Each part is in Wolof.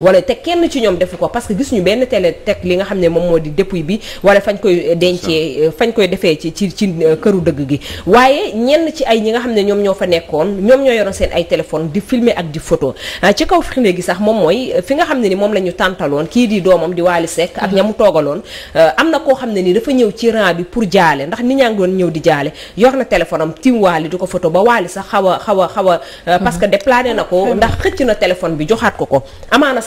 wala te kenn ci ñoom defu ko parce que gis ñu benn télé teg li nga xam ne moom moo di dépouille bi wala fañ koy dencee euh, fañ koy defee ci ci ci euh, këru dëgg gi waaye ñenn ci ay ñi nga xam ne ñoom ñoo fa nekkoon ñoom ñoo yoroon seen ay téléphone di filmer ak di foto ah, ci kaw firnde gi sax moom mooy fi nga xam ne ni moom la ñu tàntaloon kii di doomam di Waly Seck ak ñamu toogaloon euh, am na koo xam ne ni dafa ñëw ci rang bi pour jaale ndax nit ñaa ngi doon ñëw di jaale yor na téléphone am tim Waly di ko photo ba Waly sax xaw a xaw a xaw a parce que mm-hmm. déplané na ko mm-hmm. ndax xëcc na téléphone bi joxaat ko ko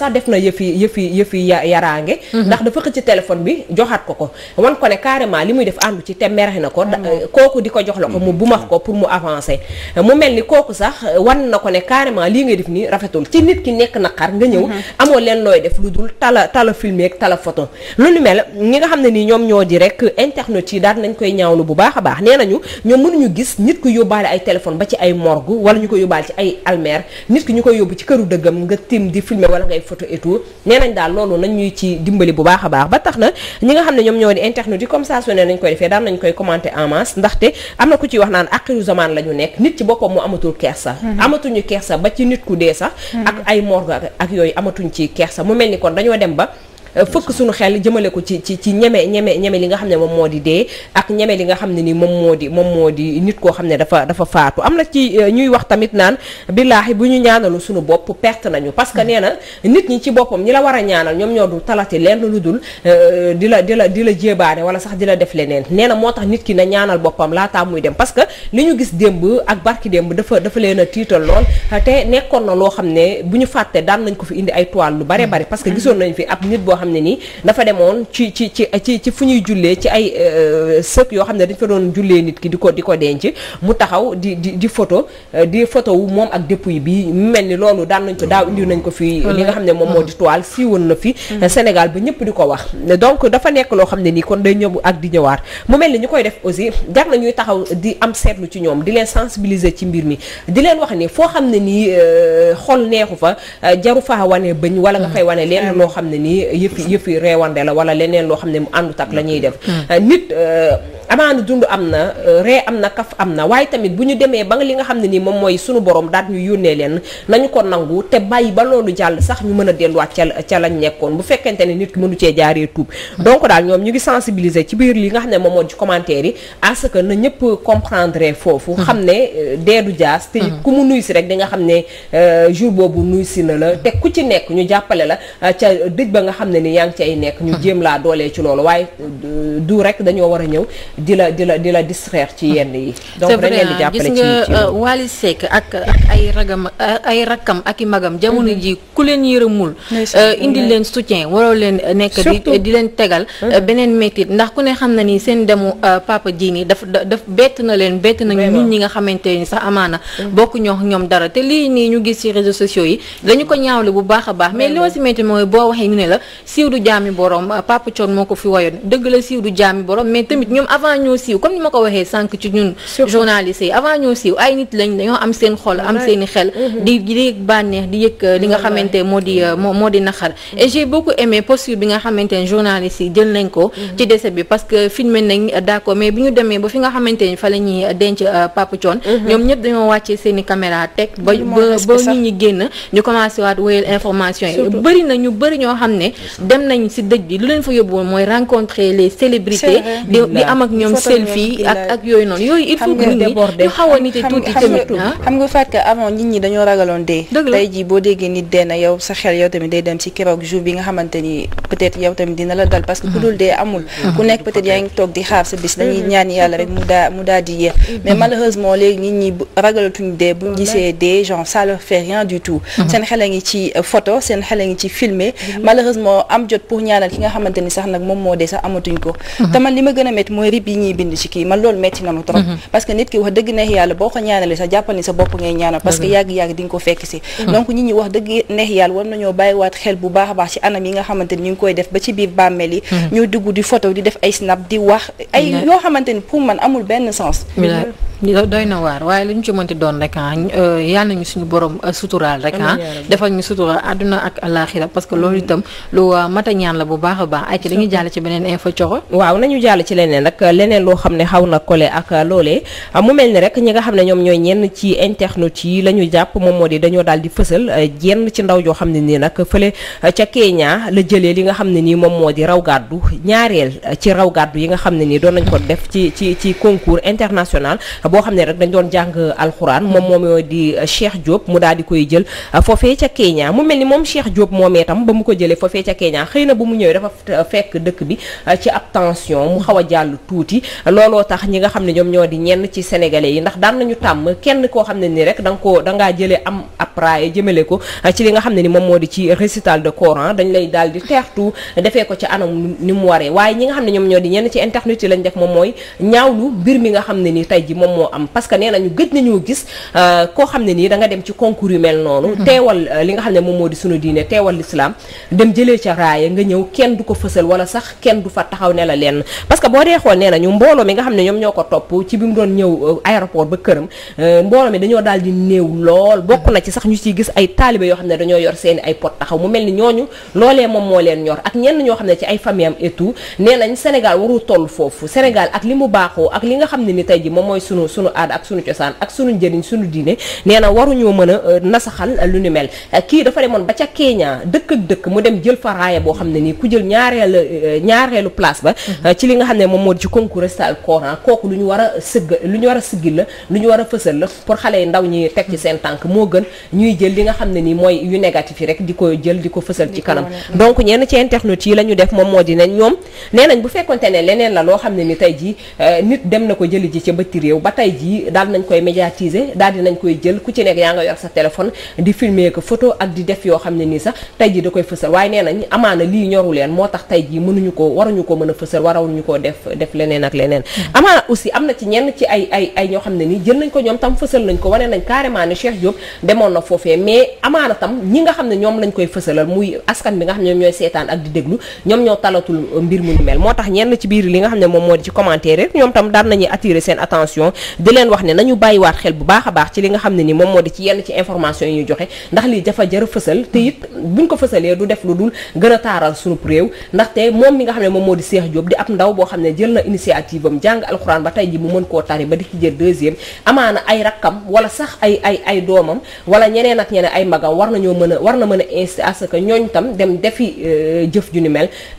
sax def na yëfi yëfi yëfi yaraange mhm. ndax dafa xëcc téléphone bi joxaat ko ko wan ko ne carrément li muy def àndu ci te mere na ko mhm. eh, kooku di ko jox la ko mu mhm. bu max ko pour mu avancer mu mel ni kooku sax eh, wan na ko ne carrément lii ngay def nii rafetul ci nit ki nekk na naqar nga ñëw amoo leen looy def lu dul tala tala filmer ak tala photo lu nu mel ñi nga xam ne nii ñoom ñoo di rek internet yi daal nañ koy ñaawlu bu baax a baax nee nañu ñoom mënuñu gis nit ku yóbbaale ay téléphone ba ci ay morgue wala ñu ko yóbbaale ci ay almer nit ki photo et tout nee nañ daal loolu nañ ñuy ci dimbali bu baax a baax ba tax na ñi nga xam ne ñoom ñoo di internet yi comme ça su ne nañ koy defee daan nañ koy commenter en masse ndaxte am na ku ciy wax naan aqiru zaman la ñu nekk nit ci boppam mu amatul kersa mhm. amatuñu kersa ba ci nit ku dee sax mhm. ak ay morgue ak yooyu amatuñ ci kersa mu mel ni kon dañoo dem ba Euh, fëkk suñu xel jëmale ko ci ci ci ñeme ñeme ñeme li nga xam ne moom moo di dee ak ñeme li nga xam ne ni moom moo di moom moo di nit koo xam ne dafa dafa faatu am na ci euh, ñuy wax tamit naan billaahi bu ñu ñaanalu suñu bopp perte nañu parce que nee na nit ñi ci boppam ñi la war a ñaanal ñoom ñoo du talati lenn lu dul euh, di la di la di la jéebaane wala di la def leneen nee na moo tax nit ki na ñaanal laataa muy dem parce que li ñu gis démb ak barki démb dafa dafa leen a tiital lool te nekkoon na loo xam ne bu ñu fàtte daan nañ ko fi indi ay toile lu bare bare parce que gisoon nañ fi ab nit boo xam ne nii dafa demoon ci ci ci ci ci fu ñuy jullee ci ay euh, sëkk yoo xam ne dañ fa doon jullee nit ki di ko di ko denc mu taxaw di di di photo euh, di photo wu moom ak bii mu mel ni loolu daan nañ ko daaw indi nañ ko fii li nga xam ne moom moo di toile siiwoon na fi mm-hmm. Sénégal ba ñëpp di ko wax donc dafa nekk loo xam ne nii kon day ñëw ak di ñëwaat mu mel ni ñu koy def aussi jar na ñuy taxaw di am seetlu ci ñoom di leen sensibiliser ci mbir mi di leen wax ni foo xam ne nii euh, xol neexu fa jaru faa wane bañ mm-hmm. loo xam ne nii yëfi yëfi reewande la wala leneen loo xam ne mu àndut ak la ñuy def mm. euh, nit euh, amaana dund am na euh, ree am na kaf am na waaye tamit bu ñu demee ba nga li nga xam ne nii moom mooy suñu borom daat ñu yónnee leen nañu ko nangu te bàyyi ba loolu jàll sax ñu mën a delluwaat ca ca lañ nekkoon bu ne nit mënu cee jaaree tuub donc daal ñoom ñu ngi sensibiliser ci biir li nga xam ne moom moo ci yi à que na ñëpp comprendre foofu hmm. xam ne euh, deedu jaas te hmm. ku mu nuyu si rek di nga xam ne euh, jour boobu nuy si na la hmm. te ku ci nekk ñu jàppale la ca dëj ba nga xam ne ni yaa ngi ci ay nekk ñu jéem laa doolee ci loolu waaye du rek dañoo war a ñëw di la di la di la distraire ci yenn yi. donc gis nga euh, Wally Seck ak ay ragam euh, ay rakkam ak i magam. jamono mm-hmm. ji ku leen yërëmul. Euh, indi leen soutien waroo leen nekk di di leen tegal. Mm-hmm. beneen métit ndax ku ne xam na ni seen demu papa ji nii daf daf bett na leen bett nañu ñun ñi nga xamante ni sax amaana. Mm-hmm. bokk ñoo ñoom dara te lii nii ñu gis ci réseaux sociaux yi dañu ko ñaawle bu baax a baax mais li si métti mooy boo waxee ñu ne la siiw du jaami borom papa Thione moo ko fi woyoon avant comme ni ma ko waxee sànq ci ñun journalistes yi avant ñoo siiw ay nit lañ dañoo am seen xol am seen i xel mhm. di di yëg bànneex di yëg euh, li nga xamante moo di euh, moo moo di naxar et j'ai beaucoup aimé posture bi nga xamante ne journalistes yi jël nañ ko mhm. ci décès bi parce que filmé nañ euh, d'accord mais bi ñu demee ba fi nga xamante ni fa la ñuy denc Pape Thion mhm. ñoom ñëpp dañoo wàccee seen i caméra teg ba ba ba nit ñi génn ñu commencé waat wéyal information yi bëri na ñu bëri ñoo xam ne dem nañ si dëj bi lu leen fa yóbbu mooy rencontrer les ñoom selfie ak ak yooyu noonu a nite xam nga fàtte avant nit ñi dañoo ragaloon dee tey jii boo déggee nit dee na yow sa xel yow tamit day dem ci keroog jour bi nga xamante ni peut-être yow tamit dina la dal parce que ku dul dee amul mm-hmm. ku nekk peut-être yaa ngi toog di xaar sa bis dañuy mm-hmm. ñaan yàlla rek mu daa mu daa di yéex mm-hmm. mais malheureusement léegi nit ñi ragalatuñ dee buñ gisee dee genre ça leur fait rien du tout seen xel ngi ci euh, photo seen xel a ngi ci filmer malheureusement am jot pour ñaanal ki nga xamante ni sax nag moom moo dee sax amatuñ ko a bi ñuy bind ci kii man loolu metti na ma trop mhm. parce nit ki wax dëgg neex yàlla boo ko ñaanalee sax jàppal ni sa bopp ngay ñaanal parce yàgg-yàgg di nga ko fekk si mhm. donc nit ñi wax dëgg neex yàlla war nañoo bàyyiwaat xel bu baax a baax ci anam yi nga xamante ni ñu koy def ba ci biir bàmmeel yi mhm. ñoo dugg di photo di def ay snap di wax ay yoo xamante pour man amul benn sens doy na waar waaye lu ñu ci mënti doon rek ah euh, yal nañu suñu borom euh, suturaal rek ah defal ñu suturaal àdduna ak alaaxira parce que loolu itam lu euh, mata ñaan la bu baax a baax ay ci dañuy jàll ci beneen info coxo waaw nañu jàll ci leneen rek leneen loo xam ne xaw na kole ak loolee ah, mu mel ni rek ñi nga xam ne ñoom ñooy ñenn ci internet yi la ñu jàpp moom moo di dañoo daal di fësal yenn ci ndaw joo xam ne nii nag fële ca Kenya la jëlee li nga xam ne nii moom moo di raw gàddu ñaareel ci raw gàddu yi nga xam ne nii doon nañ ko def ci ci ci concours international boo xam ne rek dañ doon jàng alxuraan moom moom di euh, Cheikh Diop mu daal di koy jël euh, foofee ca Kenya mu mel ni moom Cheikh Diop moom tam ba mu ko jëlee foofee ca Kenya xëy na bu mu ñëwee dafa euh, fekk dëkk bi ci ab mu xaw a jàll tuuti looloo tax ñi nga xam ne ñoom ñoo di ñenn ci sénégalais yi ndax daan nañu tàmm kenn koo xam ne ni rek da nga koo dangaa jëlee am ab raaye ko ci li nga xam ne ni moom moo di ci récital de Coran dañ lay daal di teertu defee ko ci anam ni mu waree waaye ñi nga xam ne ñoom ñoo di ñenn ci internet yi lañ def moom mooy moom moo am parce que nee nañu gëj nañoo gis euh, koo xam ne nii da nga dem ci concours yu mel noonu mm-hmm. teewal euh, li nga xam ne moom moo di sunu diine teewal l'islam dem jëlee ca raaya nga ñëw kenn du ko fësal wala sax kenn du fa taxaw ne la lenn parce boo dee nee nañu mbooloo euh, néew lool bokk na ci sax ñu ciy gis ay taalibe yoo xam ne dañoo yor seeni ay pot taxaw mu mel ni ñooñu loolee moom moo leen ñor ak ñenn ñoo xam ne ci ay famille am et nee nañ Sénégal warul toll foofu sunu aada ak sunu cosaan ak sunu njëriñ sunu diine nee na waruñoo mën a euh, nasaxal euh, lu ni mel euh, kii dafa demoon ba ca Kenya dëkk dëkk mu dem jël fa boo xam ne nii ku jël ñaareel ñaareelu place ba mhm. ci li nga xam ne moom moo di ci concours al ah, kooku lu ñu war a sëgg lu ñu war a la lu ñu war a fësal la pour xale yi ndaw ñi teg ci seen tànk moo gën ñuy jël li nga xam ne nii mooy yu négatif yi rek di ko jël di ko fësal ci kanam mm. donc ñenn ci internet yi la ñu def moom moo di ne ñoom nee nañ bu fekkonte ne leneen la loo xam ne ni tey jii nit dem na ko jëli ji ca bëtti ba ba jii daal nañ koy médiatiser daal di nañ koy jël ku ci nekk yaa nga yor sa téléphone di filmer ko photo ak di def yoo xam ne nii sax tey jii da koy fësal waaye nee nañ amaana lii ñoru leen moo tax tey jii mënuñu ko waruñu ko mën a fësal warawuñu ko def def leneen ak leneen mm. amaana aussi am na ci ñenn ci ay ay ay ñoo xam ne nii jël nañ ko ñoom tam fësal nañ ko wane nañ carrément ne Cheikh Diop demoon na foofee mais amaana tam ñi nga xam ne ñoom lañ koy fësalal muy askan bi nga xam ne ñooy seetaan ak di déglu ñoom ñoo talatul mbir mu ñu mel moo tax ñenn ci biir li nga xam ne moom moo di ci commentaire ñoom tam daal nañuy attirer seen attention di leen wax ne nañu bàyyiwaat xel bu baax a baax ci li nga xam ne nii moom moo di ci yenn ci information yi ñu joxe ndax lii dafa jër fësal te it buñ ko fësalee du def lu dul gën a taaral suñu réew ndaxte moom mi nga xam ne moom moo di Cheikh Diop di ab ndaw boo xam ne jël na initiative am jàng alxuraan ba tey ji mu mën koo tari ba di ci jël deuxième amaana ay rakkam wala sax ay ay ay doomam wala ñeneen ak ñeneen ay magam war nañoo mën a war na mën a incité à ce que ñooñ tam dem defi euh, jëf ju ni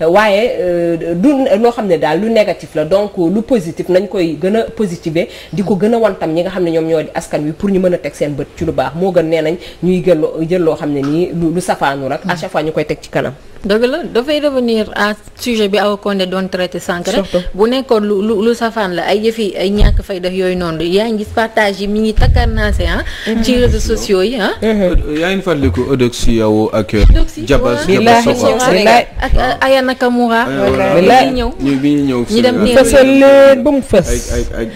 waaye euh, du loo xam ne daal lu négatif la donc lu positif nañ koy gën a positiver di ko gën a wan tam ñi nga xam ne ñoom ñoo di askan wi pour ñu mën a teg seen bët ci lu baax moo gën nee nañ ñuy gël jël loo xam ne nii lu safaanu rek à chaque fois ñu koy teg ci kanam dëgg la dafay revenir à sujet bi Awa Condé doon traité sànq rek bu nekkoon lu lu lu safaan la ay yëfi ay ñàkk fay def yooyu noonu yaa ngi gis partage yi mi ngi takkar naase ah mm-hmm. ci yi ah mm-hmm. euh, yaa ngi fàttaliku Eudoxie Yawo ak euh, Jabas ah. ak Aya Nakamura bi ñëw bi ñu ñëw ñu dem fësal leen ba mu fës ay ay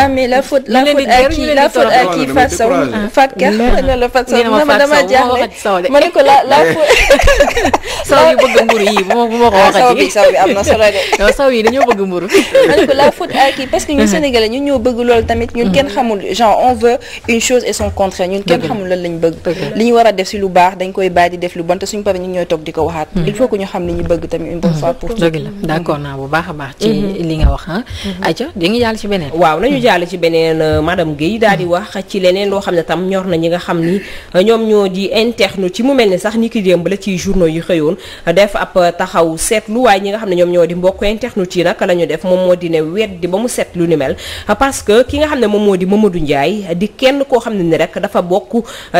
ah mais la faute la faute à qui la faute à qui la Fatou Sow dama ne ko la la eh. faute saw yi bëgg mburu yi bu ma bu ma ko waxati saw bi saw bi am na solo saw yi dañoo bëgg mburu ma ne ko la faute à parce que ñun sénégalais ñun ñoo bëgg loolu tamit ñun kenn mm. xamul genre on veut une chose et son contraire ñun kenn xamul lan lañ bëgg li ñu war a def si lu baax dañ koy bàyyi di def lu bon te suñ paree ñun ñooy toog di ko waxaat mm. il faut que ñu xam li ñu bëgg tamit une bonne mm. fois pour dëgg la d'accord naa bu baax a baax ci mm-hmm. li nga wax ah mm-hmm. aja di nga ci beneen waaw nañu jàll ci beneen euh, madame Guèye daal di wax ci leneen loo xam ne tam ñor na ñi nga xam ni euh, ñoom ñoo di interne ci mu mel ci journaux yu xëy xëyoon def ab taxaw seetlu waaye ñi nga xam ne ñoom ñoo di mbokk internet nag la def moom moo di ne weddi ba mu seet lu ni mel parce que ki nga xam ne moom moo di Mamadou Ndiaye di koo xam ne ni rek dafa bokk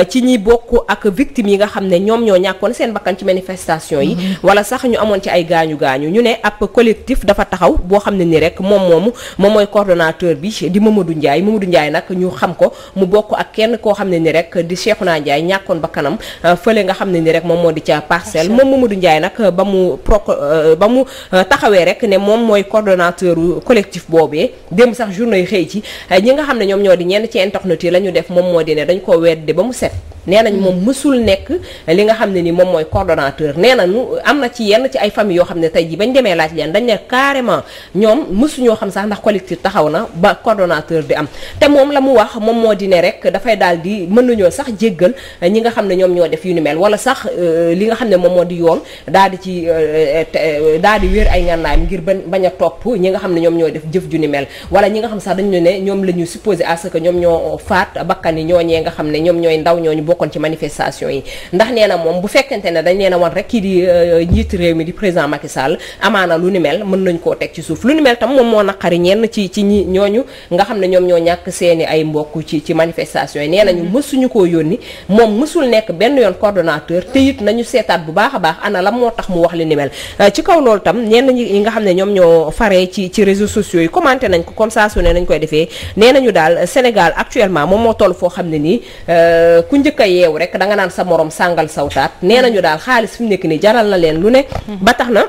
ci ñi bokk ak victimes yi nga xam ne ñoom ñoo ñàkkoon seen bakkan ci manifestation yi mhm. wala sax ñu amoon ci ay gaañu gaañu ñu ne ab collectif dafa taxaw boo xam ne ni rek moom moomu moom mooy coordonnateur bi di Mamadou Ndiaye Mamadou Ndiaye nag ñu xam ko mu bokk ak kenn koo xam ne ni rek di Cheikhouna Ndiaye ñàkkoon bakkanam fële nga xam ne ni rek moom moo di ca parcelle Mamadou njaay nag euh, ba mu pro euh, ba mu euh, taxawee rek ne moom mooy coordonnateur collectif boobee démb sax journée yi xëy ci ñi nga xam ne ñoom ñoo di ñenn ci internet la ñu def moom moo di ne dañ koo weddi ba mu set. nee nañ moom mosul hmm. nekk li nga xam ne ni moom mooy coordonnateur nee na nu am na ci yenn ci ay famille yoo xam ne tey ji bañ demee laaj leen dañ ne carrément ñoom mësuñoo xam sax ndax collectif taxaw na ba coordonnateur bi am te moom la mu wax moom moo di ne rek dafay daal di mën nañoo sax jéggal ñi nga xam ne ñoom ñoo def yu wala sax euh, li nga xam ne moom moo di yoon daal di ci euh, euh, daal di wéer ay ngànnaayam ngir bañ a topp ñi nga xam ne ñoom ñoo def jëf ju ni mel wala ñi nga xam sax dañu ne ñoom la ñu supposé à que ñoom ñoo faat bakkan yi ñooñee nga xam ne ñoom ñooy ndaw ñooñu bokkoon ci manifestation yi ndax nee moom bu fekkente ne dañ leen a wan rek kii di euh, njiitu réew mi di président Macky Sall amaana lu ni mel mën nañ koo teg ci suuf lu ni mel tam moom moo naqari ñenn ci ci ñi ñooñu nga xam ne ñoom ñoo ñàkk seeni ay mbokk ci ci manifestation yi nee nañu mm-hmm. mësuñu koo yónni moom mësul nekk benn yoon coordonnateur te it nañu seetaat bu baax a baax ana la moo tax mu wax li ni mel euh, ci kaw loolu tam ñenn ñi nga xam ne ñoom ñoo faree ci ci réseaux sociaux yi commenté nañ ko comme ça ne nañ koy defee nee ñu daal Sénégal actuellement moom moo toll foo xam ne nii euh, ku njëkk njëkk a yeewu rek da nga naan sa morom sàngal sawtaat nee nañu daal xaalis fi mu nekk nii jaral na leen lu ne ba tax na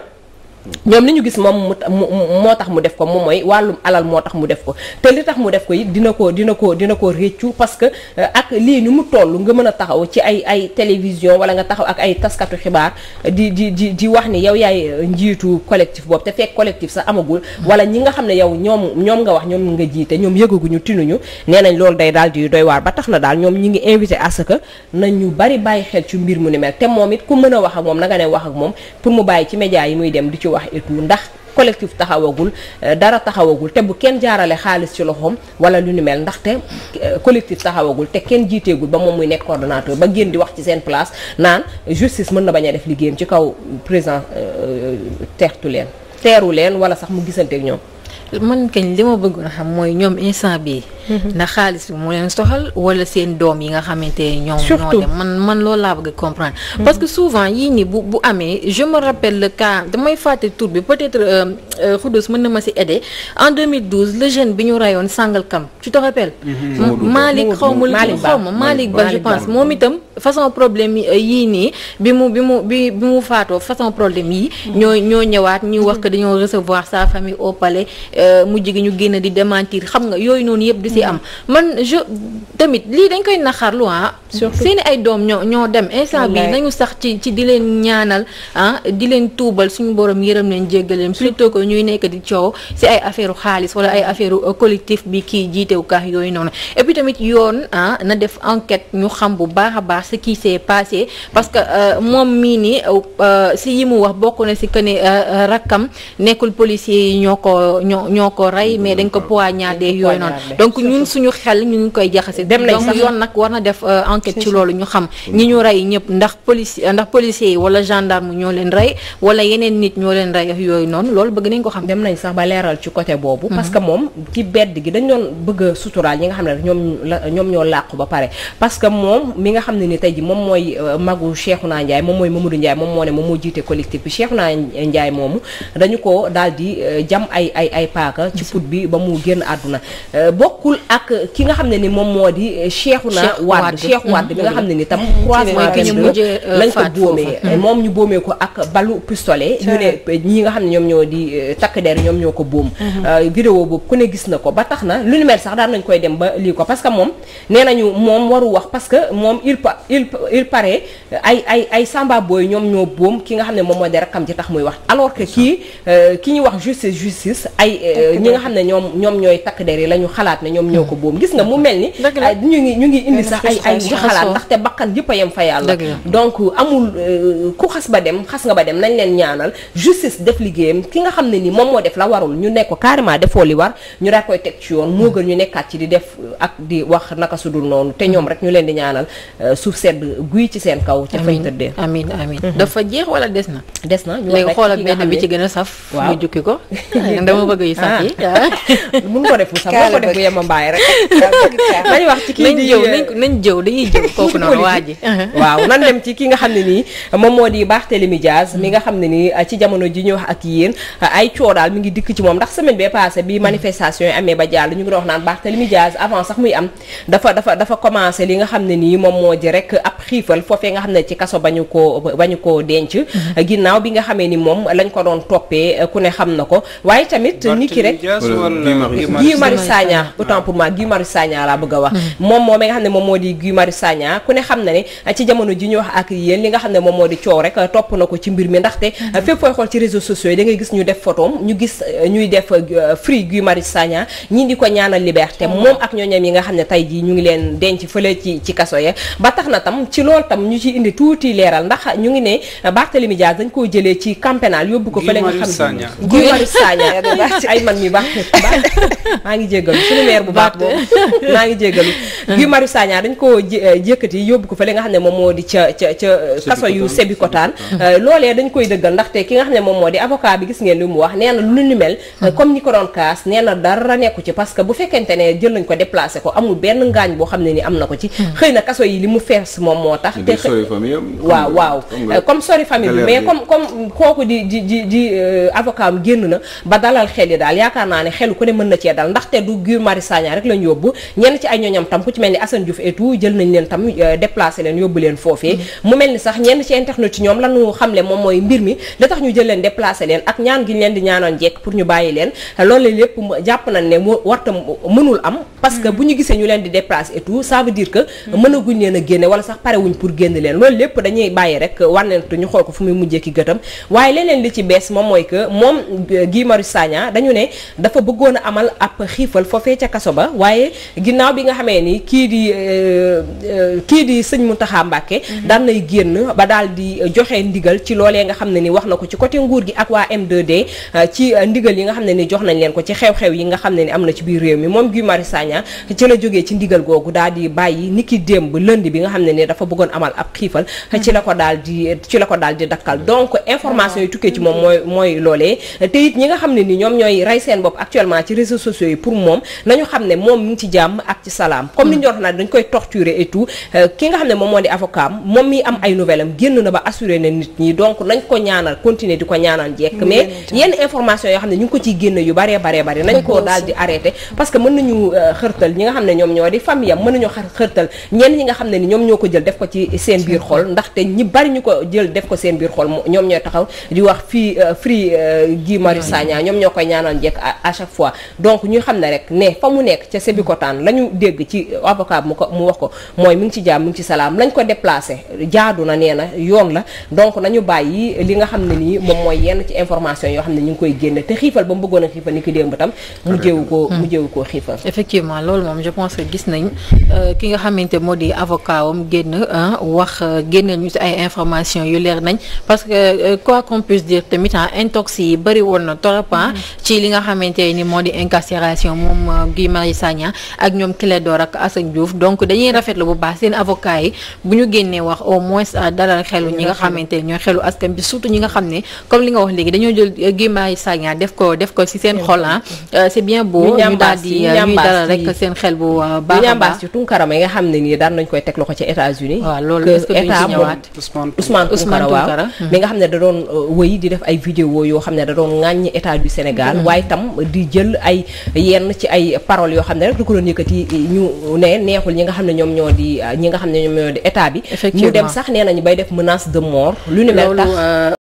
ñoom li ñu gis moom mu moo tax mu def ko moom mooy wàllum alal moo tax mu def ko te li tax mu def ko it dina ko dina ko dina ko réccu parce que euh, ak lii ni mu toll nga mën a taxaw ci ay ay télévision wala nga taxaw ak ay taskatu xibaar di di di di wax ni yow yaay euh, njiitu collectif boobu te fekk collectif sax amagul wala ñi nga xam ne yow ñoom ñoom nga wax ñoom nga jiite ñoom yëgaguñu tinuñu nee nañ loolu day daal di doy waar ba tax na daal ñoom ñi ngi invité à ce que nañ ñu bari bàyyi xel ci mbir mu ni mel te a wax ak moom na nga ne yi muy dem di wax et tout ndax collectif taxawagul eh, dara taxawagul te bu kenn jaarale xaalis ci loxoom wala lu ni mel ndaxte eh, collectif taxawagul te kenn jiiteegul ba moom muy nekk coordonnateur ba génn di wax ci seen place naan justice mën na bañ a def liggéeyam ci kaw président eh, teertu leen teeru leen wala sax mu gisanteek ñoom. man kañ li ma bëggoon xam mooy ñoom instant bii. Mm-hmm. ndax xaalis bi moo leen soxal wala seen doom yi nga xamante ne ñoom. ñoo dem man man loolu laa bëgg comprendre. Mm-hmm. parce que souvent yii nii bu amee je me rappelle le cas damay fàtte tur bi peut-être euh, euh, Khoudous mën na ma si aider en 2012 le jeune bi ñu rayoon Sangalkam tu te rappelles. Mm-hmm. Malick xaw ma Malick Ba xaw ma Malick Ba je pense moom itam façon problème euh, yii nii bi mu bi mu bi mu faatoo façon problème yi. ñoo ñoo ñëwaat ñu wax que dañoo recevoir sa famille au palais mujj ñu génn di am man je tamit lii dañ koy naxarlu ah. surtout ay doom ñoo ñoo dem. instant bi nañu sax ci ci di leen ñaanal ah di leen tuubal suñu borom yërëm leen jéggaleem surtout que ñuy nekk di coow si ay affaire xaalis wala ay affaire euh, collectif bi kii jiitewu kaa yooyu noonu et tamit yoon ah na def enquête ñu xam bu baax a baax ce qui s'est passé parce que euh, moom mii nii si euh, yi mu wax bokk na si que ne rakkam nekkul policier yi ñoo ko ñoo ñoo ko rey mais dañ ko poignardé yooyu noonu ñun suñu xel ñu koy jaxase dem nañ sax yoon nag war na def euh, enquête ci loolu ñu xam ñi ñu rey ñëpp ndax police euh, ndax policier yi wala gendarme ñoo leen rey wala yeneen nit ñoo leen rey yooyu noonu loolu bëgg nañ ko xam dem nañ sax ba leeral ci boobu parce que mhm. moom ci bedd gi dañ ñi nga xam ne ñoom ñoom ñoo làqu ba pare parce que moom mi nga xam ne ni tey ji moom mooy euh, magu Cheikhouna njaay moom mooy Mamadou Ndiaye moom moo ne moom moo jiite collectif bi naa Ndiaye moomu dañu ko daal di jam ay ay ay paaka ci put bi ba mu génn àdduna bokk bokkul ak ki nga xam ne ni moom moo di eh, Cheikhouna Wade Cheikh Wade bi nga mm-hmm. xam ne ni tam mm-hmm. croisement eh, lañ ko boomee eh, moom ñu boomee ko ak balu pistolet ñu ne ñi nga xam ne mm-hmm. ku ne gis na ko ba tax na lu ni mel sax daan nañ ba lii ko parce que moom nee nañu moom waru wax parce que moom il il il paraît ay ay ay samba booy ki nga xam ne moom moo di rakkam ci tax muy wax alors que kii ki ñuy wax takk der yi la xalaat ne ñoom ñoo ko boom gis nga mu mel ni ay ñu ngi ñu ngi indi sax ay ay xalaat ndaxte bakkan yëpp yem fa yàlla donc amul euh, ku xas ba dem xas nga ba dem nañ leen ñaanal justice def liggéeyam ki nga xam ne ni moom moo def la warul ñu nekk ko carrément defoo li war ñu rek koy teg ci yoon moo gën ñu nekkaat ci di def euh, ak di wax naka su dul noonu te ñoom rek ñu leen di ñaanal euh, suuf sedd guy ci seen kaw ca fay tëddee amiin amiin mhm. dafa jeex wala des na des na léegi xoolal benn bi ci gën a saf mu jukki ko dama bëgg yu saf yi ah. mun ko def bu saf ko def yemam mbaay rek. nañ wax ci di nañ jëw euh, nañ jëw dañuy waaw nan dem ki nga xam ne nii moom moo di Barthélémy Diaz mi nga xam ne nii ci jamono ji ñu wax ak yéen ay coow daal mi ngi dikk ci moom ndax semaine bee passé bi mm. manifestation yi amee ba jàll ñu ngi doon wax naan Barthélémy Diaz avant sax muy am dafa dafa dafa commencé li nga xam ne nii moom moo di rek ab xiifal foofee nga xam ne ci kaso bañu koo bañu koo denc. Mm-hmm. ginnaaw bi nga xamee ni moom lañ ko doon toppee ku ne xam na ko waaye tamit nit ki rek autant pour moi Guy Marius Sagna laa bëgg a wax moom moom mi nga xam ne moom moo di Guy Marius ku ne xam na ne ah, ci jamono ji ñu wax ak yéen li nga xam ne moom moo di coow rek ah, topp na ko ci mbir mi ndaxte ah, fépp fooy xool ci réseaux sociaux yi da gis ñu def photom ñu gis ñuy def free Guy Marius Sagna ñii di ko ñaanal liberté moom ak ñooñam yi nga xam ne tey jii ñu ngi leen denc fële ci ci kaso ya ba tax na tam ci loolu tam ñu ci indi tuuti leeral ndax ñu ngi ne Barthélémy Dias dañ koo jëlee ci camp pénal yóbbu ko fële nga xam ne Guy Marius bu baax boobu maa ngi jégalu Guy Marius Sagna dañ ko jékkati eh, yóbbu ko fële nga xam ne moom moo di ca ca ca kaso yu Sébikotaan eh, loolee dañ koy dëggal ndaxte ki nga xam ne moom moo di avocat bi gis ngeen li mu wax nee na lu ni mel eh, hmm. comme ñi ko doon kaas nee na dara nekku ci parce que bu fekkente ne jël nañ ko déplacé ko amul benn ngaañ boo xam ne ni am na ko ci hmm. xëy na kaso yi li mu fees moom moo tax te waaw waaw comme sori famille bi mais comme comme kooku di di di di na ba dalal xel yi daal yaakaar naa ne xelu ku ne mën na Espagne rek lañ yóbbu ñenn ci ay ñooñam tam ku ci mel ni Assane Diouf et jël nañ leen tam euh, déplacé leen yóbbu leen foofee mm. mu mel ni sax ñenn ci internet yi lañu xamle moom mooy mbir mi la tax ñu jël leen déplacé leen ak ñaan gi ñu leen leen a génne wala sax parewuñ pour génn leen loolu lépp dañuy bàyyi rek wànnentu ñu xool ko fu muy mujjee ki gëtam waaye leneen li ci bees moom mooy que moom euh, Guy Marius dañu ne dafa bëggoon a amal ab xiifal foofee ca kaso ba waaye ginnaaw bi nga xamee ni kii di euh, euh, kii di sëñ Mountakha Mbacké mhm. daan nay génn ba daal di euh, joxe ndigal ci loolee nga xam ne ni wax na ko ci côté nguur gi ak waa m d ci ndigal yi nga xam ne ni jox nañ leen ko ci xew-xew yi nga xam ne ni am na ci biir réew mi moom Guy Marius Sagna ci la jógee ci ndigal googu daal di bàyyi niki démb lënd bi nga xam ne ni dafa bëggoon amal ab xiifal mhm. ci la ko daal di ci la ko daal di dakkal donc information yi tukkee ci moom mooy mooy loolee te it ñi nga xam ne ni ñoom ñooy rey seen bopp actuellement ci réseaux xam ne moom mi ngi ci jàmm ak ci salaam comme ni ñu hmm. dañ koy torturer et euh, ki nga xam ne moom moo di avocat am moom mi am ay nouvelle génn na ba assuré na nit ñi donc nañ ko ñaanal continuer di ko ñaanal jekk hmm. mais hmm. yenn information yoo xam ne ñu ko ciy génn yu baree baree bari nañ ko daal di arrêté parce que mën nañu euh, xërtal ñi nga xam ne ñoom ñoo di famille am mën nañu xërtal ñenn ñi nga xam ne ni ñoom ñoo ko jël def ko ci seen biir xol ndaxte ñi bari ñu ko jël def ko seen biir xol ñoom ñooy taxaw di wax fii euh, Free Guy Marius Sagna ñoom ñoo koy ñaanal jekk à chaque fois donc ñu xam ne rek ne fa mu nekk ca Sébikotane la ñu dégg ci avocat mu wax ko mooy mu ngi ci jàmm mu ngi ci salaam lañ ko déplacé jaadu na nee yoon la donc nañu bàyyi li nga xam ne nii moom mooy yenn ci yoo xam a xiifal ni ki démb tam mu jéewu koo mu hmm. jéewu koo xiifal effectivement loolu moom je pense que euh, moo di avocat wam génn wax euh, génneel ñu si ay information yu leer nañ parce que euh, quoi qu'on puisse dire tamit intox yi bëri woon na torop hmm. ci li nga xamante ni moo di incarcération moom gi Marie Sagna ak ñoom Clédor ak Assane Diouf donc dañuy rafetlu bu baax seen avocat yi bu ñu génnee wax au moins euh, dalal xelu ñi nga xamante ne ñooy xam ne ñuy dalal seen xel bu euh, baax a baax ci Tunkara yi nga xam ne nii daan nañ koy teg loxo ci États-Unis waaw loolu est-ce que duñ Tunkara hmm. mi nga xam ne da doon euh, wëy di def ay vidéo yoo xam ne da doon ŋàññ état du Sénégal hmm. waaye tam di jël ay yenn ci ay parole yoo xam ne rek du ko doon yëkkati ñu ne neexul ñi nga xam ne ñoom ñoo di ñi nga xam ne ñoom ñoo di état bi. mu dem sax nee nañu bay def menace de mort. lu ni mel